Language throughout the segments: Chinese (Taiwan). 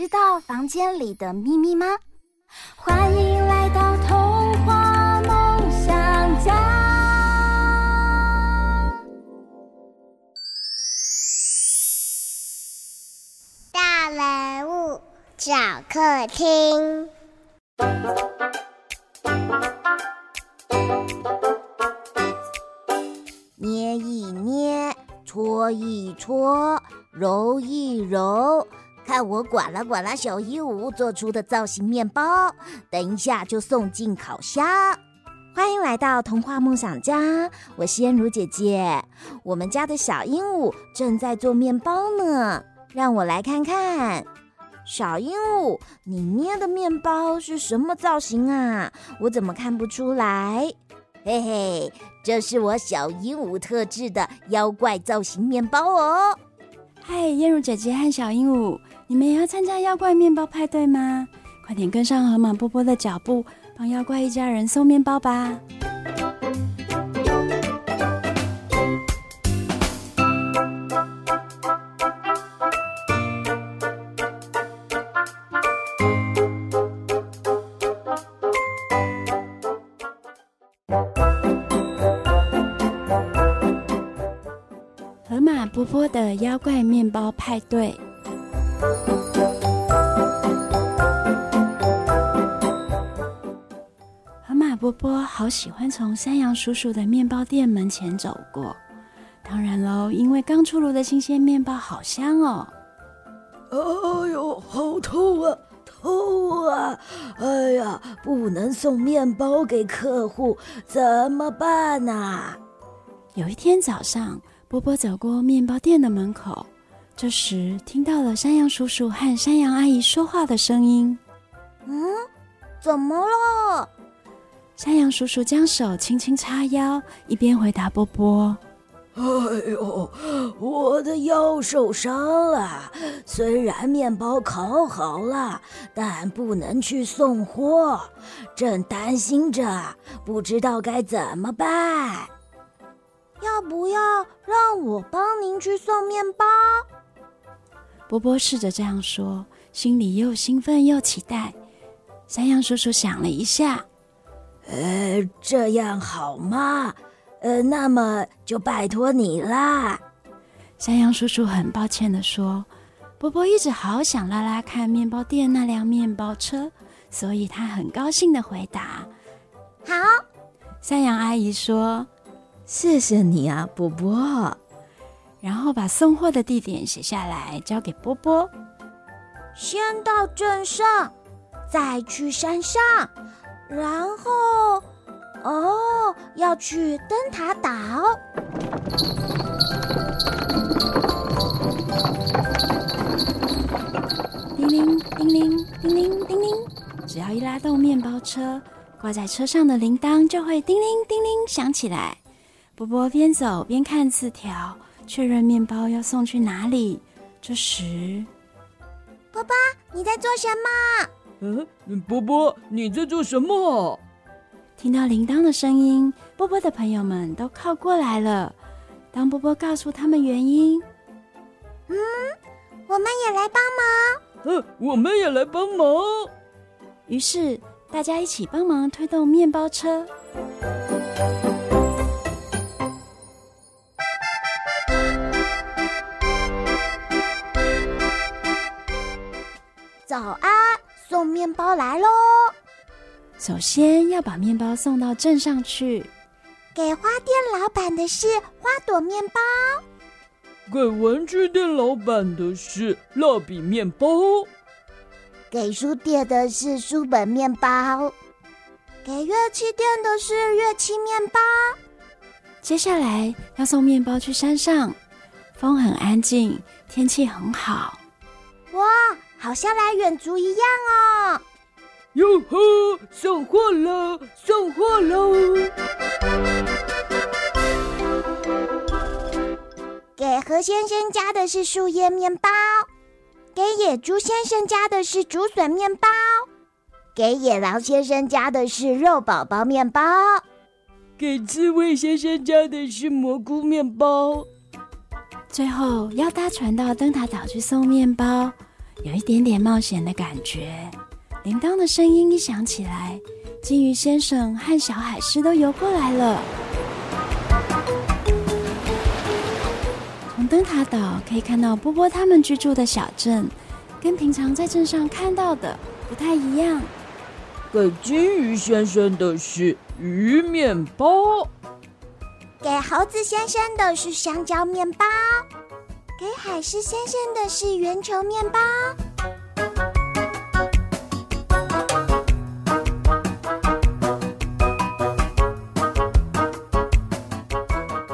知道房間裡的秘密嗎？歡迎來到童話夢想家。大人物，小客廳。捏一捏，搓一搓，揉一揉。看我管啦管啦，小鸚鵡做出的造型麵包，等一下就送進烤箱。歡迎來到童話夢想家，我是燕如姐姐。我們家的小鸚鵡正在做麵包呢，讓我來看看。小鸚鵡，你捏的麵包是什麼造型啊？我怎麼看不出來？嘿嘿，這是我小鸚鵡特制的妖怪造型麵包哦。嗨，燕如姐姐和小鸚鵡。你們也要參加妖怪麵包派對嗎？快點跟上河馬啵啵的腳步，幫妖怪一家人送麵包吧！河馬啵啵的妖怪麵包派對。波波好喜歡從山羊叔叔的面包店門前走過，當然嘍，因為剛出爐的新鮮面包好香哦。哎呦，好痛啊，痛啊！哎呀，不能送面包給客戶，怎麼辦啊？有一天早上，啵啵走過麵包店的門口，這時聽到了山羊叔叔和山羊阿姨說話的聲音。嗯，怎麼了？山羊叔叔將手輕輕叉腰，一邊回答啵啵：“哎呦，我的腰受傷了。雖然麵包烤好了，但不能去送貨。正擔心着，不知道該怎麼辦。要不要讓我幫您去送麵包？”啵啵試着這樣說，心裡又興奮又期待。山羊叔叔想了一下。呃，這樣好嗎？呃，那麼就拜託你啦。山羊叔叔很抱歉地說：“啵啵一直好想拉拉看麵包店那輛麵包車，所以他很高興地回答：好。”山羊阿姨說：“謝謝你啊，啵啵。”然後把送貨的地點寫下來，交給啵啵。先到鎮上，再去山上。然後，哦，要去燈塔島。叮鈴叮鈴叮鈴叮鈴，只要一拉動麵包車，掛在車上的鈴鐺就會叮鈴叮鈴響起來。啵啵邊走邊看字條，確認麵包要送去哪裡。這時，啵啵，你在做什麼？嗯，啵啵，你在做什麼？聽到鈴鐺的聲音，啵啵的朋友們都靠過來了。當啵啵告訴他們原因，嗯，我們也來幫忙。嗯，我們也來幫忙。於是大家一起幫忙推動面包車。早安。送麵包來咯。首先要把麵包送到鎮上去。給花店老闆的是花朵麵包。給文具店老闆的是蠟筆麵包。給書店的是書本麵包。給樂器店的是樂器麵包。接下來要送麵包去山上。風很安靜，天氣很好。哇！好像來遠足一樣哦！喲呵，送貨了，送貨了！給何先生家的是樹葉麵包，給野豬先生家的是竹筍麵包，給野狼先生家的是肉寶寶麵包，給刺蝟先生家的是蘑菇麵包。最後要搭船到燈塔島去送麵包。有一點點冒險的感覺，鈴鐺的聲音一響起來，金魚先生和小海獅都游過來了。從燈塔島可以看到波波他們居住的小鎮，跟平常在鎮上看到的不太一樣。給金魚先生的是魚麵包，給猴子先生的是香蕉麵包。給海獅先生的是圓球麵包。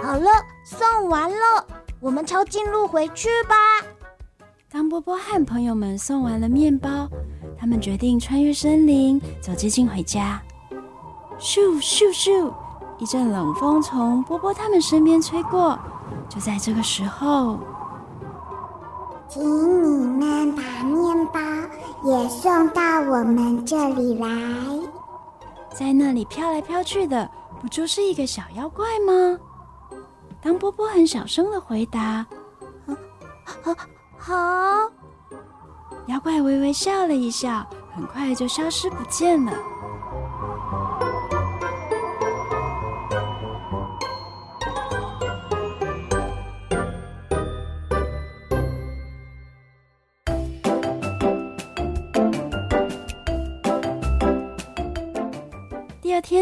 好了，送完了，我們抄近路回去吧。當波波和朋友們送完了麵包，他們決定穿越森林，走捷徑回家。咻咻咻！一陣冷風從波波他們身邊吹過。就在這個時候。請你們把麵包也送到我們這裡來。在那裡飄來飄去的，不就是一個小妖怪嗎？當啵啵很小聲的回答：“好、好、好。”妖怪微微笑了一笑，很快就消失不見了。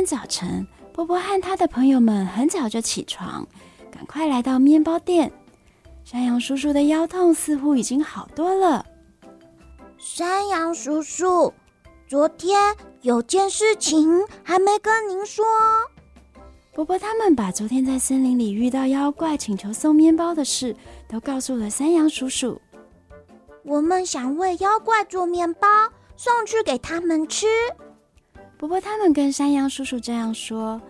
早晨，啵啵和他的朋友們很早就起床，趕快來到麵包店。山羊叔叔的腰痛似乎已經好多了。山羊叔叔，昨天有件事情還沒跟您說。啵啵他們把昨天在森林裡遇到妖怪，請求送麵包的事，都告訴了山羊叔叔。我們想為妖怪做麵包，送去給他們吃。不過，啵啵他們跟山羊叔叔這樣說，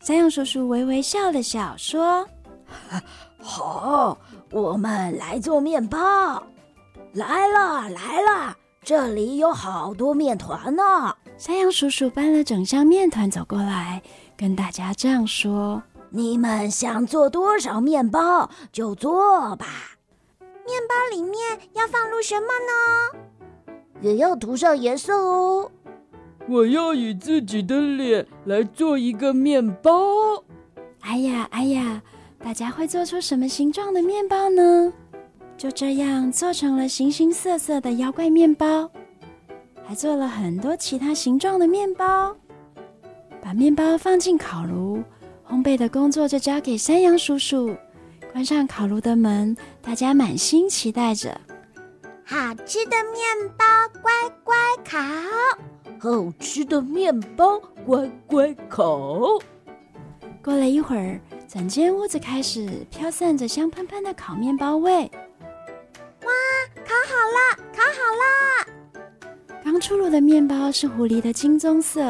山羊叔叔微微笑了笑說，說、啊：“好，我們來做面包。”來了來了，這裡有好多面團呢、啊。山羊叔叔搬了整箱面團走過來，跟大家這樣說：“你們想做多少面包就做吧。麵包裡面要放入什麼呢？也要塗上顏色哦。”我要以自己的臉來做一個麵包。哎呀，哎呀，大家會做出什麼形狀的麵包呢？就這樣做成了形形色色的妖怪麵包，還做了很多其他形狀的麵包。把麵包放進烤爐，烘焙的工作就交給山羊叔叔。關上烤爐的門，大家滿心期待着。好吃的麵包乖乖烤，好吃的麵包乖乖烤。過了一會兒，整間屋子開始飄散着香噴噴的烤麵包味。哇，烤好了，烤好了！剛出爐的麵包是狐狸的金棕色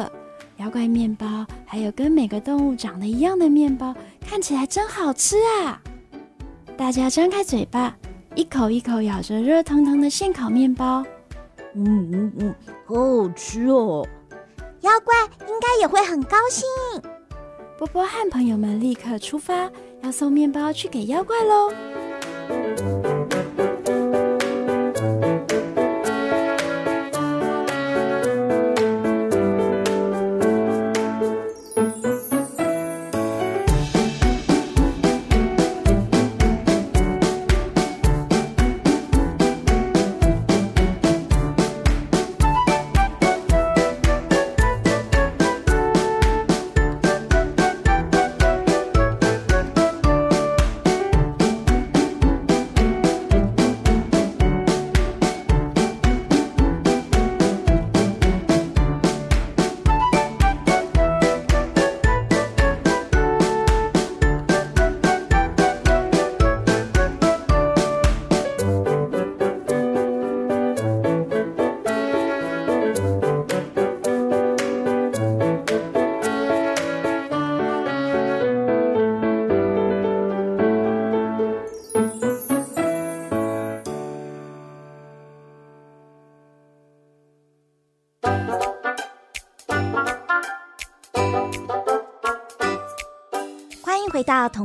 妖怪麵包，還有跟每個動物長得一樣的麵包，看起來真好吃啊！大家張開嘴巴。一口一口咬着熱騰騰的現烤麵包，嗯嗯嗯，好好吃哦！妖怪應該也會很高興。啵啵和朋友們立刻出發，要送麵包去給妖怪嘍。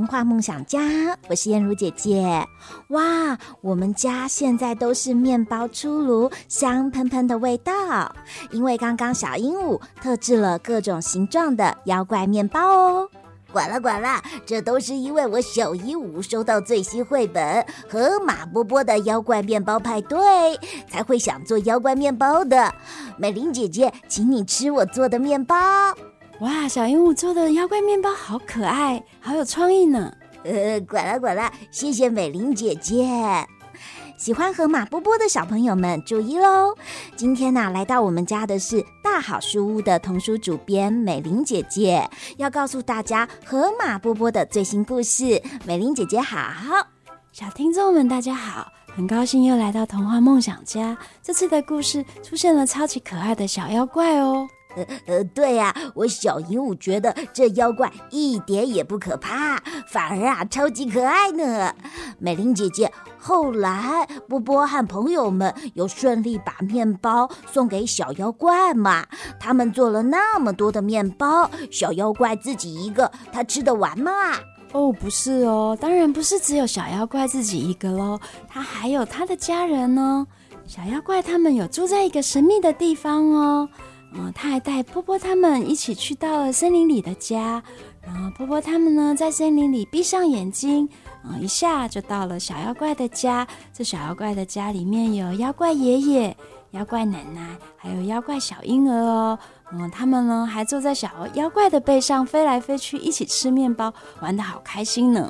話夢想家，我是燕如姐姐。哇，我們家現在都是麵包出爐，香噴噴的味道。因為剛剛小鸚鵡特製了各種形狀的妖怪麵包哦。管了管了，這都是因為我小鸚鵡收到最新繪本《河馬啵啵的妖怪麵包派對》，才會想做妖怪麵包的。美玲姐姐，請你吃我做的麵包。哇，小鸚鵡做的妖怪麵包好可愛，好有創意呢！呃，拐了拐了，謝謝美玲姐姐。喜歡河馬啵啵的小朋友們注意嘍，今天呢、啊，來到我們家的是大好書屋的童書主編美玲姐姐，要告訴大家河馬啵啵的最新故事。美玲姐姐好，小聽眾們大家好，很高興又來到童話夢想家。這次的故事出現了超級可愛的小妖怪哦。呃呃，對呀、啊，我小鸚鵡覺得這妖怪一點也不可怕，反而啊超級可愛呢。美玲姐姐，後來啵啵和朋友們有順利把麵包送給小妖怪嗎？他們做了那麼多的面包，小妖怪自己一個，他吃得完嗎？哦，不是哦，當然不是只有小妖怪自己一個嘍，他還有他的家人呢、哦。小妖怪他們有住在一個神秘的地方哦。嗯，他還帶啵啵他們一起去到了森林裡的家，然後啵啵他們呢，在森林裡閉上眼睛，嗯，一下就到了小妖怪的家。這小妖怪的家裡面有妖怪爺爺、妖怪奶奶，還有妖怪小嬰兒哦。嗯，他們呢還坐在小妖怪的背上飛來飛去，一起吃麵包，玩得好開心呢。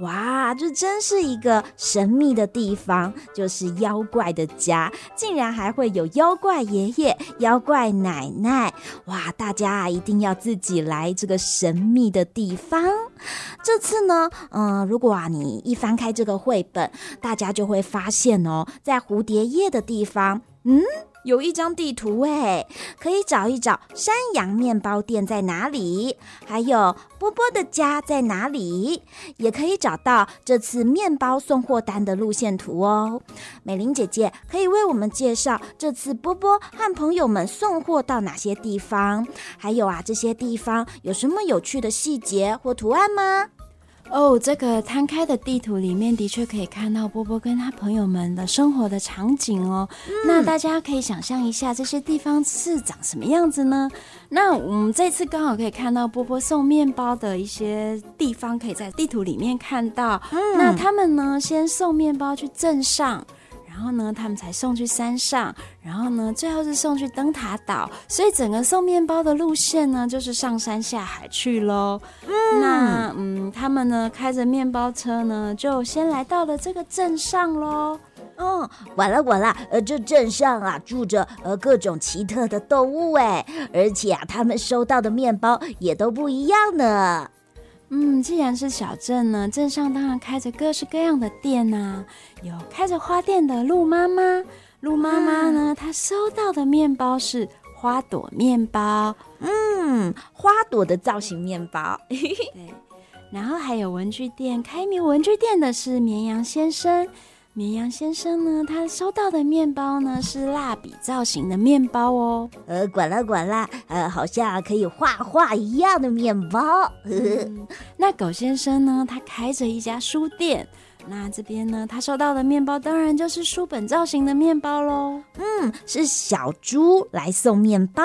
哇，這真是一個神秘的地方，就是妖怪的家，竟然還會有妖怪爺爺、妖怪奶奶！哇，大家一定要自己來這個神秘的地方。這次呢，嗯、呃，如果你一翻開這個繪本，大家就會發現哦，在蝴蝶頁的地方，嗯。有一張地圖哎，可以找一找山羊麵包店在哪裡，還有啵啵的家在哪裡，也可以找到這次麵包送貨單的路線圖哦。美玲姐姐可以為我們介紹這次啵啵和朋友們送貨到哪些地方，還有啊，這些地方有什麼有趣的細節或圖案嗎？哦，這個攤開的地圖裡面的確可以看到啵啵跟他朋友們的生活的場景哦。嗯、那大家可以想象一下這些地方是長什麼樣子呢？那我們這次剛好可以看到啵啵送麵包的一些地方，可以在地圖裡面看到。嗯、那他們呢，先送麵包去鎮上。然後呢，他們才送去山上，然後呢，最後是送去燈塔島，所以整個送面包的路線呢，就是上山下海去嘍。嗯，那嗯，他們呢開着面包車呢，就先來到了這個鎮上嘍。哦，完了完了，呃，這鎮上啊住着呃各種奇特的動物哎，而且啊，他們收到的面包也都不一樣呢。嗯，既然是小鎮呢，鎮上當然開着各式各樣的店吶，啊，有開着花店的鹿媽媽，鹿媽媽呢，她收到的麵包是花朵麵包，嗯，花朵的造型麵包， 對，然後還有文具店，開名文具店的是綿羊先生。綿羊先生呢，他收到的麵包呢是蠟筆造型的麵包哦。呃，管了管了，呃，好像可以畫畫一樣的麵包、 嗯。那狗先生呢，他開着一家書店。那這邊呢，他收到的麵包當然就是書本造型的麵包嘍。嗯，是小豬來送麵包。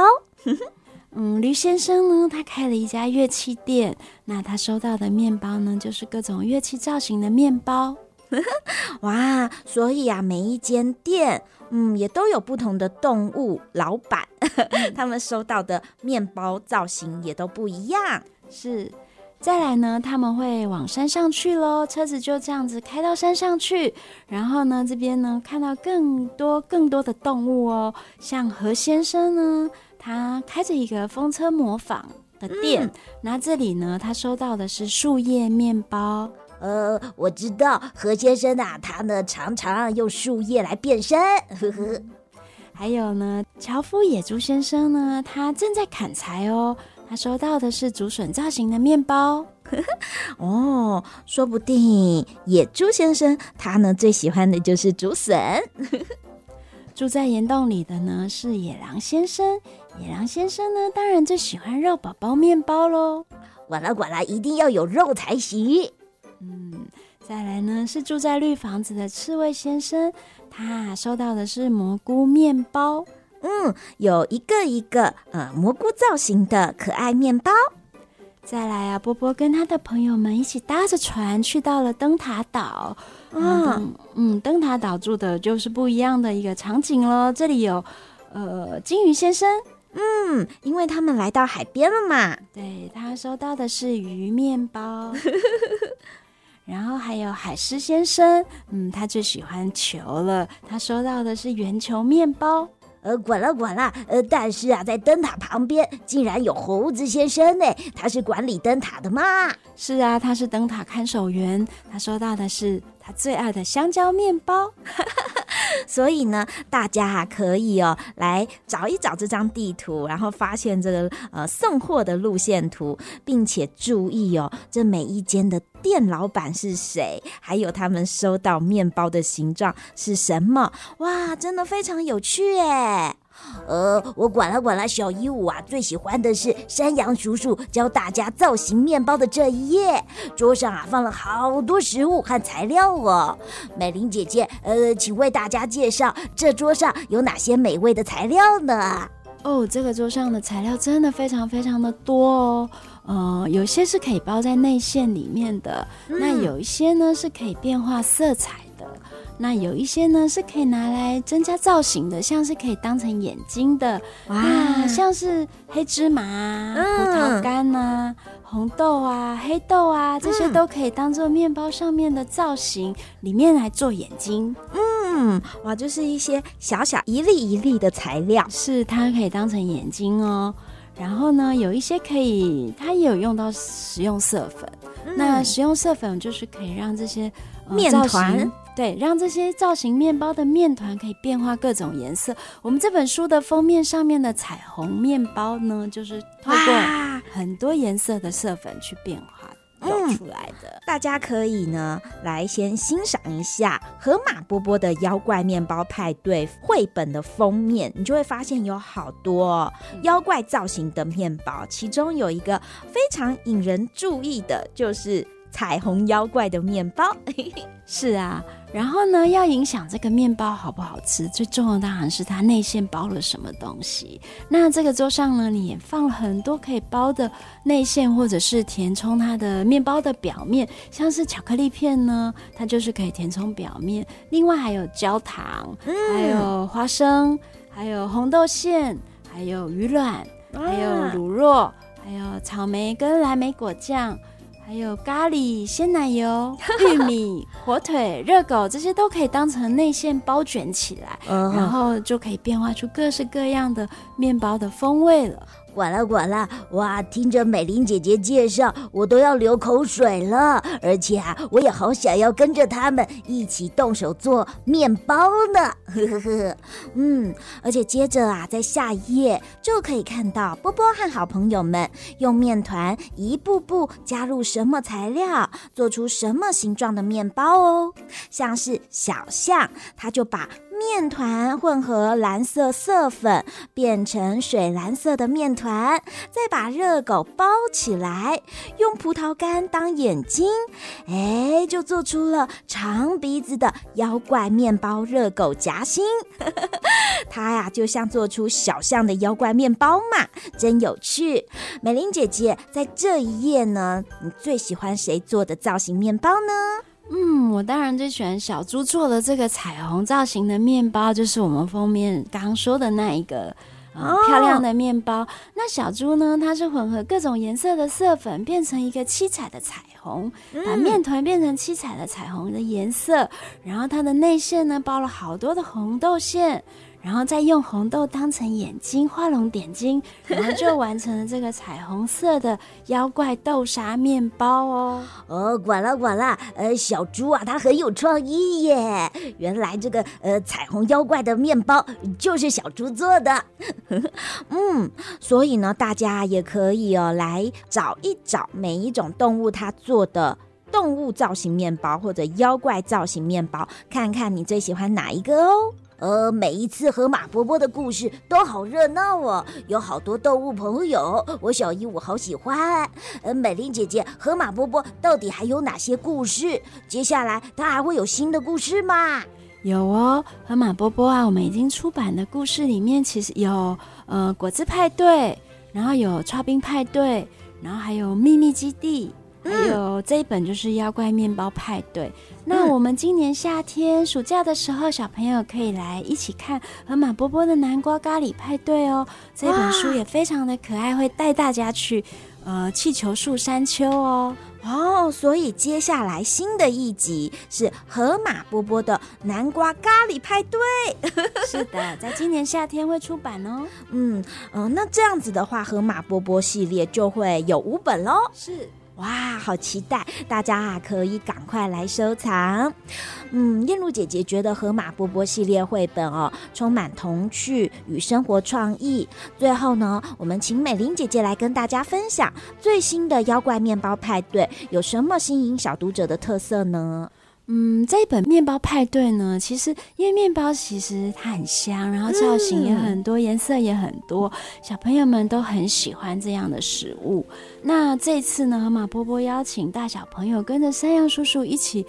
嗯，驢先生呢，他開了一家樂器店。那他收到的麵包呢，就是各種樂器造型的麵包。 哇，所以啊，每一間店，嗯，也都有不同的動物老板，嗯、他們收到的面包造型也都不一樣。是，再來呢，他們會往山上去嘍，車子就這樣子開到山上去。然後呢，這邊呢，看到更多更多的動物哦，像何先生呢，他開着一個風車模仿的店，嗯、那這裡呢，他收到的是樹葉面包。呃，我知道何先生啊，他呢常常用樹葉來變身，呵呵。還有呢，樵夫野豬先生呢，他正在砍柴哦。他收到的是竹筍造型的麵包，呵呵。哦，說不定野豬先生他呢最喜歡的就是竹筍。呵呵。住在岩洞裡的呢是野狼先生，野狼先生呢當然最喜歡肉寶寶麵包咯。管了管了，一定要有肉才行。嗯，再來呢是住在綠房子的刺蝟先生，他、啊、收到的是蘑菇麵包，嗯，有一個一個呃蘑菇造型的可愛麵包。再來啊，波波跟他的朋友們一起搭着船去到了燈塔島，嗯、哦、嗯，燈塔島住的就是不一樣的一個場景咯，這裡有，呃，金魚先生，嗯，因為他們來到海邊了嘛，對，他收到的是魚麵包。 然後還有海獅先生，嗯，他最喜歡球了。他收到的是圓球麵包。呃，滾了滾了。呃，但是啊，在燈塔旁邊竟然有猴子先生呢。他是管理燈塔的嗎？是啊，他是燈塔看守員。他收到的是。他最愛的香蕉麵包， 所以呢，大家可以哦來找一找這張地圖，然後發現這個呃送貨的路線圖，並且注意哦，這每一間的店老闆是誰，還有他們收到麵包的形狀是什麼。哇，真的非常有趣耶！呃，我管了管了，小鸚鵡啊，最喜歡的是山羊叔叔教大家造型面包的這一頁。桌上啊放了好多食物和材料哦。美玲姐姐，呃，請為大家介紹這桌上有哪些美味的材料呢？哦，這個桌上的材料真的非常非常的多哦。呃，有些是可以包在內餡裡面的，嗯、那有一些呢是可以變化色彩，那有一些呢是可以拿來增加造型的，像是可以當成眼睛的，哇，像是黑芝麻、啊、嗯、葡萄乾吶、啊、紅豆啊、黑豆啊，這些都可以當做麵包上面的造型，嗯、裡面來做眼睛。嗯，哇，就是一些小小一粒一粒的材料，是它可以當成眼睛哦。然後呢，有一些可以，它也有用到食用色粉。嗯、那食用色粉就是可以讓這些、呃、麵糰。對，讓這些造型麵包的麵團可以變化各種顏色。我們這本書的封面上面的彩虹麵包呢，就是透過很多顏色的色粉去變化做哇出來的。大家可以呢來先欣賞一下《河馬啵啵的妖怪麵包派對》繪本的封面，你就會發現有好多妖怪造型的麵包，其中有一個非常引人注意的，就是。彩虹妖怪的麵包 是啊，然後呢，要影響這個麵包好不好吃，最重要的當然是它內餡包了什麼東西。那這個桌上呢，你也放了很多可以包的內餡，或者是填充它的麵包的表面，像是巧克力片呢，它就是可以填充表面。另外還有焦糖，嗯、還有花生，還有紅豆餡，還有魚卵，還有乳酪哇，還有草莓跟藍莓果醬。還有咖喱、鮮奶油、玉米、火腿、熱狗，這些都可以當成內餡包捲起來， 然後就可以變化出各式各樣的麵包的風味了。管了管了，哇！聽着美玲姐姐介紹，我都要流口水了。而且啊，我也好想要跟着他們一起動手做麵包呢。呵呵呵，嗯，而且接着啊，在下一頁就可以看到啵啵和好朋友們用麵團一步步加入什麼材料，做出什麼形狀的麵包哦，像是小象，他就把。麵糰混合藍色色粉，變成水藍色的麵糰，再把熱狗包起來，用葡萄乾當眼睛，誒，就做出了長鼻子的妖怪麵包熱狗夾心。它 呀，就像做出小象的妖怪麵包嘛，真有趣。美玲姐姐，在這一頁呢，你最喜歡誰做的造型麵包呢？嗯，我當然最喜歡小豬做的這個彩虹造型的麵包，就是我們封面剛說的那一個，嗯，漂亮的麵包。Oh. 那小豬呢，它是混合各種顏色的色粉，變成一個七彩的彩虹，把麵團變成七彩的彩虹的顏色，mm. 然後它的內餡呢，包了好多的紅豆餡。然後再用紅豆當成眼睛，畫龍點睛，然後就完成了這個彩虹色的妖怪豆沙面包。哦哦，管了管了，呃，小豬啊，它很有創意耶！原來這個呃彩虹妖怪的面包就是小豬做的，嗯，所以呢，大家也可以哦來找一找每一種動物它做的動物造型面包或者妖怪造型面包，看看你最喜歡哪一個哦。呃，每一次河馬啵啵的故事都好熱鬧哦，有好多動物朋友，我小姨我好喜歡。呃，美玲姐姐，河馬啵啵到底還有哪些故事？接下來他還會有新的故事嗎？有哦，河馬啵啵啊，我們已經出版的故事裡面其實有呃果汁派對，然後有刨冰派對，然後還有秘密基地，還有這一本就是妖怪麵包派對。那我們今年夏天，嗯，暑假的時候，小朋友可以來一起看《河馬啵啵的南瓜咖喱派對》哦。這本書也非常的可愛，哇會帶大家去，呃，氣球樹山丘哦。哦，所以接下來新的一集是《河馬啵啵的南瓜咖喱派對。》 是的，在今年夏天會出版哦。嗯嗯，呃，那這樣子的話，河馬啵啵系列就會有五本嘍。是。哇，好期待！大家啊，可以趕快來收藏。嗯，燕露姐姐覺得《河馬啵啵》系列繪本哦，充滿童趣與生活創意。最後呢，我們請美玲姐姐來跟大家分享最新的《妖怪麵包派對》有什麼吸引小讀者的特色呢？嗯，這一本麵包派對呢，其實因為麵包其實它很香，然後造型也很多，嗯、顏色也很多，小朋友們都很喜歡這樣的食物。那這次呢，馬啵啵邀請大小朋友跟着山羊叔叔一起。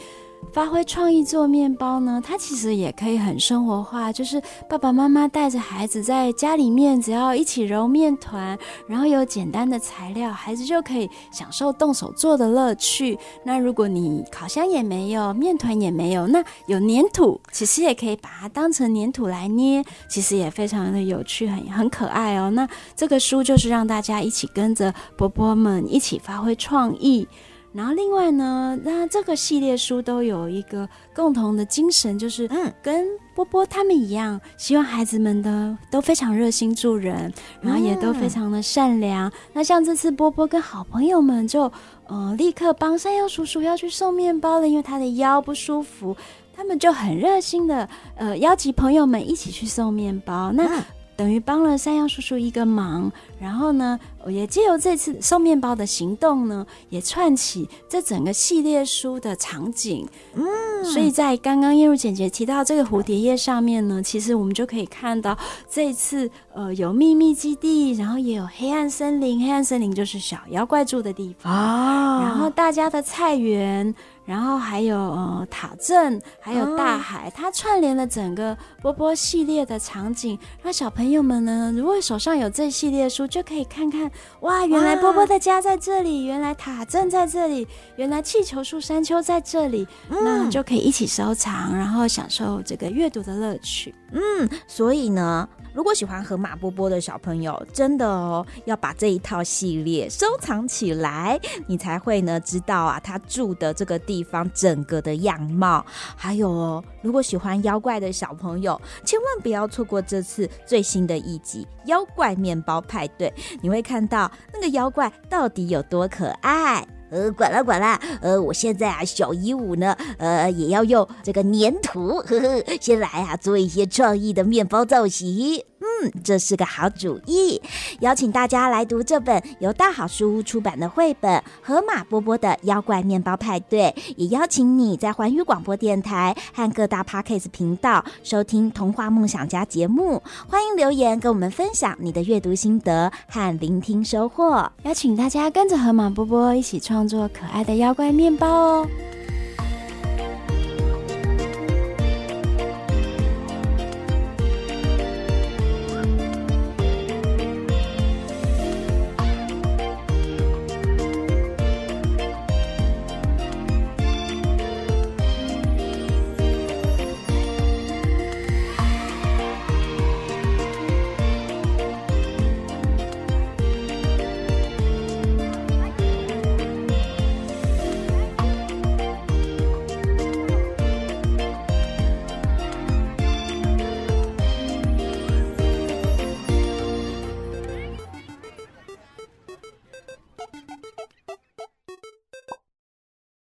發揮創意做麵包呢。它其實也可以很生活化，就是爸爸媽媽帶着孩子在家裡面，只要一起揉麵糰，然後有簡單的材料，孩子就可以享受動手做的樂趣。那如果你烤箱也沒有，麵糰也沒有，那有粘土，其實也可以把它當成粘土來捏，其實也非常的有趣，很很可愛哦。那這個書就是讓大家一起跟着啵啵們一起發揮創意。然後另外呢，那這個系列書都有一個共同的精神，就是嗯，跟波波他們一樣，希望孩子們的都非常熱心助人，然後也都非常的善良。嗯、那像這次波波跟好朋友們就呃立刻幫山羊叔叔要去送麵包了，因為他的腰不舒服，他們就很熱心的呃邀請朋友們一起去送麵包。那、嗯等於幫了山羊叔叔一個忙，然後呢，我也借由這次送麵包的行動呢，也串起這整個系列書的場景。嗯，所以在剛剛葉如姐姐提到這個蝴蝶葉上面呢，其實我們就可以看到這次呃有秘密基地，然後也有黑暗森林。黑暗森林就是小妖怪住的地方，哦、然後大家的菜園。然後還有、哦、塔鎮，還有大海，哦、它串聯了整個波波系列的場景，那小朋友們呢，如果手上有這系列書，就可以看看，哇，原來波波的家在這裡，哇原來塔鎮在這裡，原來氣球樹山丘在這裡，嗯、那就可以一起收藏，然後享受這個閱讀的樂趣。嗯，所以呢。如果喜歡河馬啵啵的小朋友，真的哦要把這一套系列收藏起來，你才會呢知道啊他住的這個地方整個的樣貌。還有哦，如果喜歡妖怪的小朋友，千萬不要錯過這次最新的一集《妖怪麵包派對》，你會看到那個妖怪到底有多可愛。呃，管了管了，呃，我現在啊，小鸚鵡呢，呃，也要用這個粘土，呵呵，先來啊，做一些創意的麵包造型。嗯，這是個好主意。邀請大家來讀這本由大好書屋出版的繪本《河馬啵啵的妖怪麵包派對》，也邀請你在環宇廣播電臺和各大 podcast 頻道收聽《童話夢想家》節目。歡迎留言跟我們分享你的閱讀心得和聆聽收穫。邀請大家跟着河馬啵啵一起創作可愛的妖怪麵包哦。